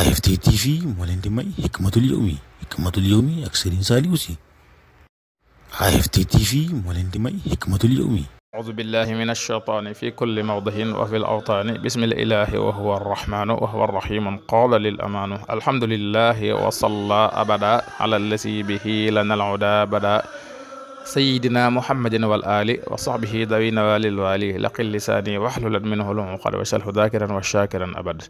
AFT TV moo leen di may Hikmatul Yawmi Hikmatul Yawmi ak Serigne Saliou Sy AFT TV moo leen di may Hikmatul Yawmi أعوذ بالله من الشيطان في كل موضع وفي الأوطان بسم الإله وهو الرحمن وهو الرحيم قال للأمان الحمد لله وصلى أبدا على الذي به لنا العدا بدا سيدنا محمد والآل وصحبه ذوي نوال الوالي لقل لساني واحلل منه العقد وشله ذاكرا وشاكرا أبد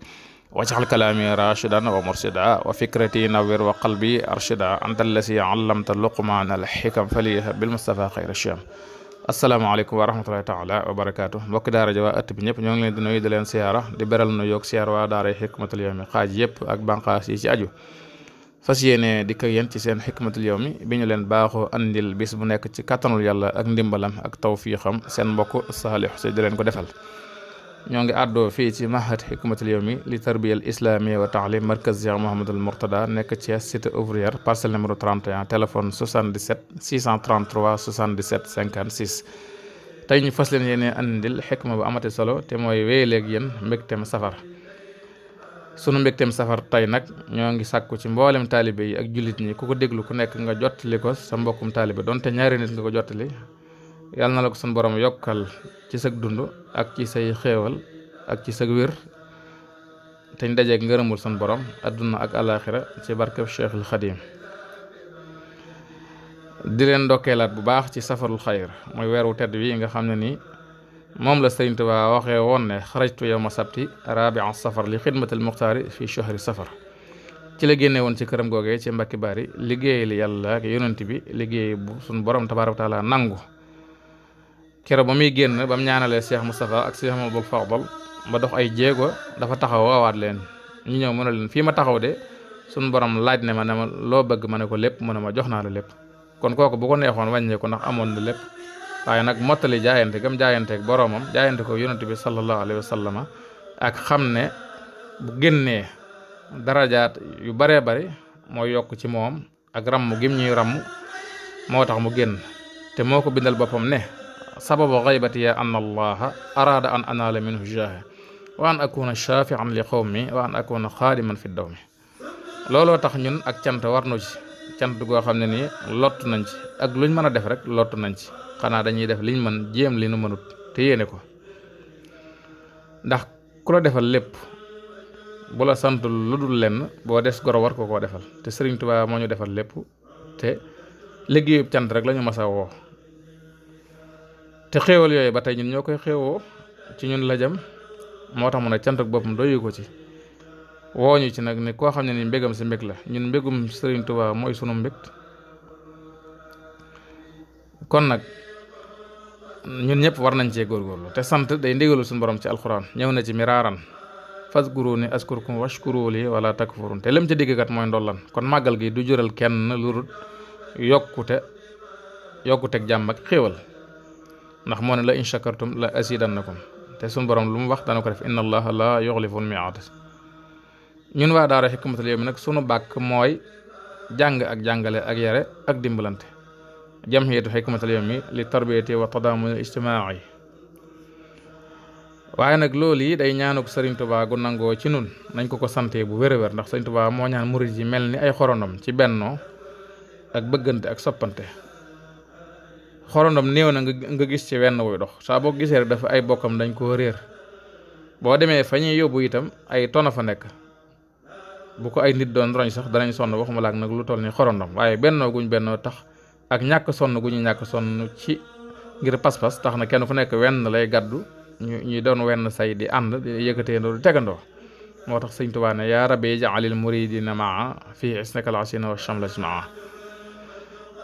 wajxal kalaami rashidan wa mursida wa fikrati nawir wa qalbi arshida anta allasi allamta luqman al xikam faliha bil mustafa a shiyam asalaamaaleykum wa rahmatullahi taala wa barakaatu mbokki daara ja waa ëtt bi ñëpp ñoo ngi leen di nuyu di leen siyaara di beral nu yoog siyaar waa daara xikmatul yawmi xaaj yëpp ak banqaas yi ci aju fas yéene dikk ak yéen ci seen xikmatul yawmi bi ñu leen baaxoo andil bis bu nekk ci kàttanul yàlla ak ndimbalam ak tawfiixam seen mbokk saalix si di leen ko defal ñoo ngi àddoo fii ci mahad hikmatul yawmi li tarbiyal islamiyya wa taalim markaz Cheikh Mouhamadul Mourtada nekk ci cité ouvrière parcelle numéro 31 téléphone 77 633 77 56. tey ñu fas leen yéene andil xikma bu amati solo te mooy wéy léegi yéen mbégteem safar sunu mbégteem safar tey nag ñoo ngi sàkku ci mboolem taalibe yi ak jullit ñi ku ko déglu ku nekk nga jottali ko sa mbokkum taalibe donte ñaari nit nga ko jottali yàlla na la ko sunu borom yokkal ci sa dund. ak ci say xéewal ak ci sa wér te ñu dajeeg ngërëmul sun borom àdduna ak alaaxira ci barkeb Cheikhul Xadim di leen ndokkeelaat bu baax ci safarul xayr mooy weeru tedd bi nga xam ne ni moom la Sëriñ waa waxee woon ne xarajtu ma sabti rabi'a safar li xidmatil muxtaari fi shahri safar ci la génne woon ci këram googee ci mbakki baari liggéey yàlla ak bi liggéey bu sun borom tabaaraka wa taala nangu kero ba muy génn ba mu ñaanalee Cheikh Moustapha ak seex Cheikh Mamadou Fadal ma dox ay jéego dafa taxaw awaat leen ñu ñëw mën fii ma taxaw de suñu borom laaj ne ma ne ma loo bëgg ma ne ko lépp mu ne ma jox naa la lépp kon kooku bu ko neexoon wàññeeku ndax amoon na lépp waaye nag mottali jaayante gam jaayanteeg boromam jaayante ko yonent bi sallallahu alayhi wa sallama ak xam ne bu génnee darajaat yu baree bari moo yokk ci moom ak ramm gim ñuy moo tax mu génn te moo ko bindal boppam ne sababu xaybati ya ann allaha araada an anaala minhu jaaha wa an akuna shafian li qawmi wa an akuna xaadiman fi dawmi looloo tax ñun ak cant war nu ci cant goo xam ne nii lott nañ ci ak luñ mën a def rek lott nañ ci xanaa dañuy def liñ mën jéem li nu mënut te yéene ko ndax ku la defal lépp bu la sant lu dul lenn boo des goro war ko koo defal te Sëriñ Tuubaa moo ñu defal lépp te liggéeyub cant rek lañu masa woo te xéewal yooyu ba tey ñun ñoo koy xéewoo ci ñun la jëm moo tax mun ne cant ak boppam doyu ko ci woo ci nag ni koo xam ne ni mbégam si mbég la ñun mbégum Sëriñ Tuubaa mooy sunu mbég kon nag ñun ñëpp war nañ cee góorgóorlu te sant day ndigalu suñu borom ci alxuraan ñëw na ci miraaran fazkuruni askurkum washkuru li wala takfurun te lim ci digg kat mooy ndollan kon màggal gi du jural kenn lu yokkute yokkuteg jàmm ak xéewal ndax moo ne la in shakartum la azidannakum te suñu borom lu mu wax dana ko def inna allaha la yuxlifu l-miiaad ñun waa daara Hikmatul Yawmi nag sunu bàkk mooy jàng ak jàngale ak yare ak dimbalante jamhiyatu Hikmatul Yawmi li tarbiyati wa tadaamun ijtimaa'i waaye nag loolu yi day ñaanu ko Sëriñ Tuubaa gu nangoo ci nun nañ ko ko santee bu wér-wér ndax Sëriñ Tuubaa moo ñaan murid yi mel ni ay xorondom ci bennoo ak bëggante ak soppante xorondom néew na nga nga gis ci wenn wuy dox saaboo boo gisee rek dafa ay bokkam dañ koo réer boo demee fa ñuy yóbbu itam ay ton fa nekk bu ko ay nit doon roñ sax danañ sonn waxuma laak nag lu toll ni xorondom waaye bennoo guñ bennoo tax ak ñàkk sonn gu ñu ñàkk sonn ci ngir pas-pas tax na kenn fu nekk wenn lay gàddu ñu ñuy doon wenn say di ànd di yëkkatee ndoo di tegandoo moo tax sëñ Tuubaa ne yaa rabbi ja'alil muridina maa fii isnaka al asina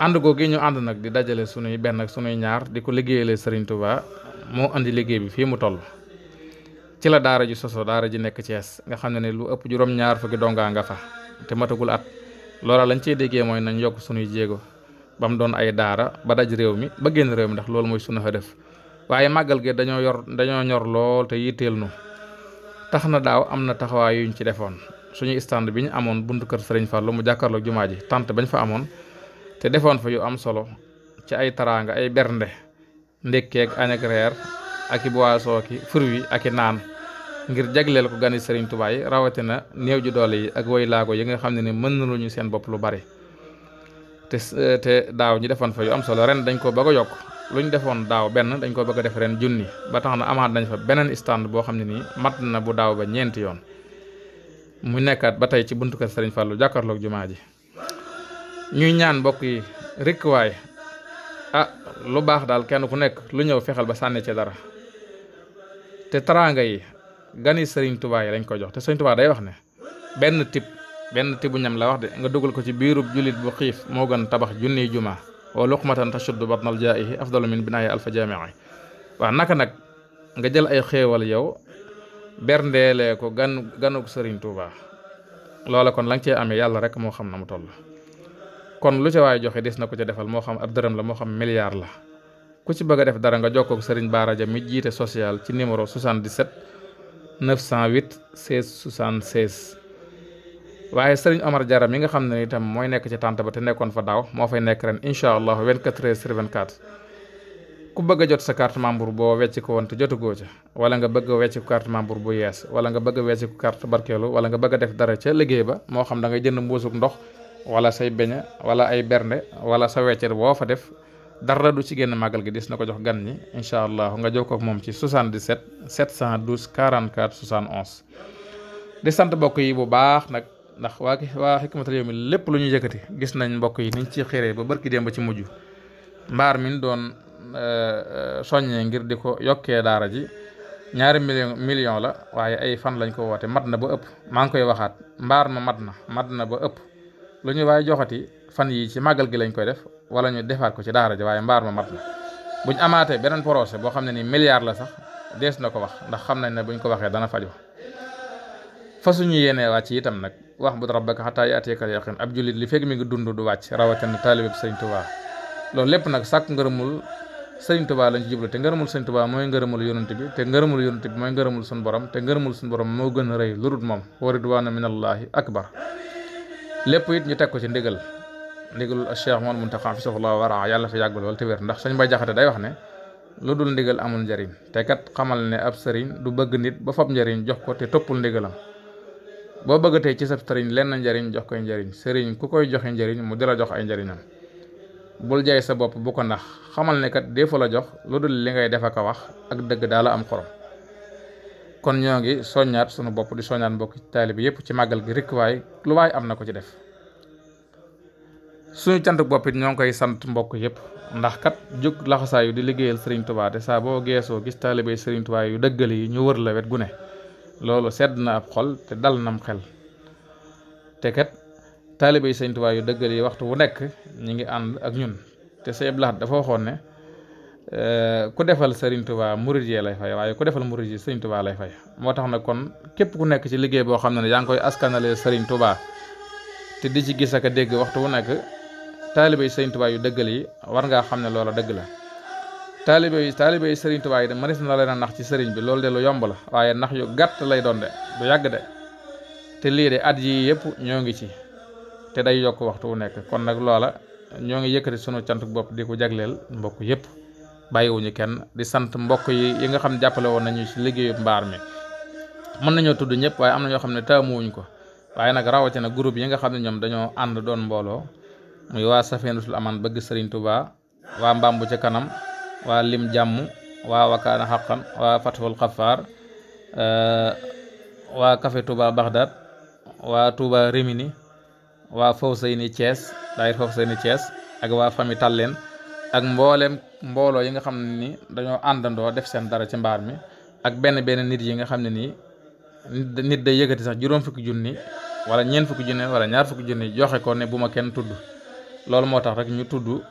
ànd googu ñu ànd nag di dajale sunuy benn ak sunuy ñaar di ko liggéeyale Serigne moo indi liggéey bi fii mu toll. ci la daara ji soso daara ji nekk Thiès nga xam ne ne lu ëpp juróom-ñaar fukki dongaa nga fa te matagul at loola lañ cey déggee mooy nañ yokk sunuy jéego ba mu doon ay daara ba daj réew mi ba génn réew mi ndax loolu mooy sunu def waaye màggal gi dañoo yor dañoo ñor lool te yitteel nu tax na daaw am na taxawaay yuñ ci defoon suñu stand bi ñu amoon buntu kër Serigne Fallou mu jàkkaarloog jumaa ji tant bañ fa amoon. te defoon fa yu am solo ci ay taraanga ay bernde ndekkeeg añ ak reer ak i boisson ki fruits ak i naan ngir jagleel ko gani Serigne Touba yi rawatina néew ji doole yi ak woy laago yi nga xam ne ni mën na seen bopp lu bari te te daaw ñu defoon fa yu am solo ren dañ ko bëgg a yokk lu ñu defoon daaw benn dañ ko bëgg a def ren junni ba tax na amaat nañ fa beneen stand boo xam ne nii mat na bu daaw ba ñeenti yoon mu nekkaat ba tey ci buntu ko sëriñ Fallou jàkkaarloog jumaa ji ñuy ñaan mbokk yi rikk a ah, lu baax daal kenn ku nekk lu ñëw fexeel ba sànni ci dara te taraanga yi gani sëriñ Tuubaa yi lañ ko jox te sëriñ Tuubaa day wax ne benn tib benn tibu ñam la wax de nga dugal ko ci biirub jullit bu xiif moo gën tabax junniy juma wa luqmatan tashuddu batnal jaa'ihi afdalu min binaayi alfa jaami'i waaw naka nag nga jël ay xéewal yow berndeelee ko gan ganuk sëriñ Tuubaa loola kon la nga cee amee yàlla rek moo xam na mu toll kon lu ca waay joxe des na ko ca defal moo xam ab dërëm la moo xam milliard la ku ci bëgg def dara nga jokkoo ak sëriñ Bara mi jiite social ci numéro 77 908 16 76. waaye sëriñ Omar Diarra mi nga xam ne itam mooy nekk ci tànt ba te nekkoon fa daaw moo fay nekk ren incha allah 24 heures sur 24 ku bëgg a jot sa carte membre boo wecc ko woon te jotagoo ca wala nga bëgg a wecc ko membre bu yees wala nga bëgg a wecc ko carte wala nga bëgg a def dara ba moo xam da jënd mbuusug ndox. wala say beña wala ay bernde wala sa weccer boo fa def dara du ci génn màggal gi des na ko jox gan ñi incha allah nga jokkoo ak moom ci 77 712 44 71. di sant mbokk yi bu baax nag ndax waa waa Hikmatul Yawmi lépp lu ñu yëkkati gis nañ mbokk yi niñ ci xéree ba dem ba ci mujj mbaar mi doon euh, euh, soññee ngir di ko yokkee daara ji ñaari million million la waaye ay fan lañ ko woote mat na ba ëpp maa ngi koy waxaat mbaar ma mat lu ñu waaye joxati fan yi ci màggal gi lañ koy def wala ñu defaat ko ci daara ji waaye mbaar ma mat bu buñ amaatee beneen projet boo xam ne ni milliard la sax dees na ko wax ndax xam nañ ne buñ ko waxee dana fajo fa suñu yéenee wàcc itam nag wax bu rabbaka xataa yaatiyaka yaqin ab jullit li fekk mi ngi dund du wàcc rawatina taalibeb sëriñ Tuubaa loolu lépp nag sàkk ngërëmul sëriñ Tuubaa lañ ci jublu te ngërëmul sëriñ Tuubaa mooy ngërëmul yonent bi te ngërëmul yonent bi mooy ngërëmul suñu borom te ngërëmul suñu borom moo gën a rëy lu dul moom wa ridwaanu minallaahi akbar lépp it ñu teg ko ci ndigal ndigalul Cheikh Mouhamadou Mountakha hafizahullah wara yàlla fi yàgg lool te wér ndax Sëñ Bay Jaxate day wax ne lu dul ndigal amul njariñ te kat xamal ne ab sëriñ du bëgg nit ba fab njariñ jox ko te toppul ndigalam boo bëggatee ci sab sëriñ lenn njariñ jox koy njariñ sëriñ ku koy joxe njariñ mu di la jox ay njariñam bul jaay sa bopp bu ko ndax xamal ne kat dee fa la jox lu dul li ngay def ak a wax ak dëgg daala am xorom kon ñoo ngi soññaat sunu bopp di soññaat mbokk taali bi yëpp ci màggal gi rikk waaye lu waay am na ko ci def suñu cant bopp it ñoo ngi koy sant mbokk yëpp ndax kat jóg laxasaayu di liggéeyal Serigne Touba te saa boo geesoo gis taalibe Serigne yu dëggal yi ñu wër la wet gune ne loolu sedd na ab xol te dal nam xel te kat taalibe Serigne Touba yu dëggal yi waxtu wu nekk ñu ngi ànd ak ñun te Sëñ Abdou Lahad dafa waxoon ne. Eh, ku defal sëriñ Touba murid yee lay fay waaye ku defal murid yi Serigne Touba lay fay moo tax nag kon képp ku nekk ci liggéey boo xam ne yaa ngi koy askanalee Serigne Touba te di ci gis ak dégg waxtu wu nekk taalibe yi Serigne yu dëggal yi war ngaa xam ne loola dëgg la. taalibe yi taalibe yi Serigne Touba yi de mënees na leen a nax ci sëriñ bi loolu de lu yomb la waaye nax yu gàtt lay doon de du yàgg de te lii de at yii yëpp ñoo ngi ci te day yokk waxtu wu nekk kon nag loola ñoo ngi yëkkati sunu cant bopp di ko jagleel mbokk yëpp. bàyyiwuñu kenn di sant mbokk yi yi nga xam ne jàppale woon nañu ci liggéeyu mbaar mi mën nañoo tudd ñëpp waaye am na ñoo xam ne taamuwuñ ko waaye nag rawatina group yi nga xam ne ñoom dañoo ànd doon mbooloo muy waa Safinatoul Aman bëgg Sëriñ Tuubaa waa Mbàmbu ca kanam waa Lim Jàmm waa Wakaana Xaqan waa Fathul Xafaar euh, waa Café Touba Bagdad waa Touba Rimini waa Fawzayni Thiès daayir Fawzayni Thiès ak waa Famille Tallen ak mbooleem mbooloo yi nga xam ne ni dañoo àndandoo def seen dara ci mbaar mi ak benn benn nit yi nga xam ne nii nit day yëkkati sax juróom fukki junni wala ñeen fukki junni wala ñaar fukki junni joxe ko ne bu ma kenn tudd loolu moo tax rek ñu tudd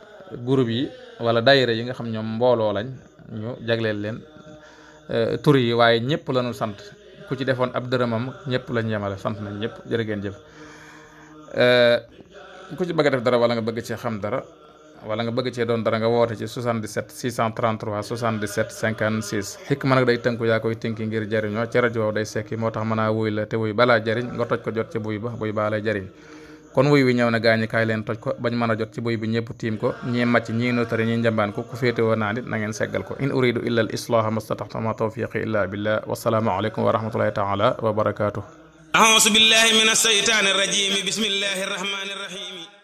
groupe yi wala daayira yi nga xam ñoom mbooloo lañ ñu jagleel leen euh, tur yi waaye ñëpp lañu sant ku ci defoon ab dërëmam ñëpp lañ yemale sant nañ ñëpp jërë ngeen jëf euh, ku ci bëgg a def dara wala nga bëgg ci xam dara wala nga bëgg cee doon dara nga woote ci 77 633 77 56 nag day tënku yaa koy tënki ngir jariñoo ci rajo day sekki moo tax mën a la te wuy balaa jariñ nga toj ko jot ci buy ba buy baa jariñ kon wuy wi ñëw na gaañi leen toj ko bañ mën jot ci buy bi ñëpp tiim ko ñii màcc ñii notari ñii njambaan ko ku féete woon naa seggal ko in uridu illa al islaha mastataxta ma tawfiqi illa billah wasalaamu aleykum wa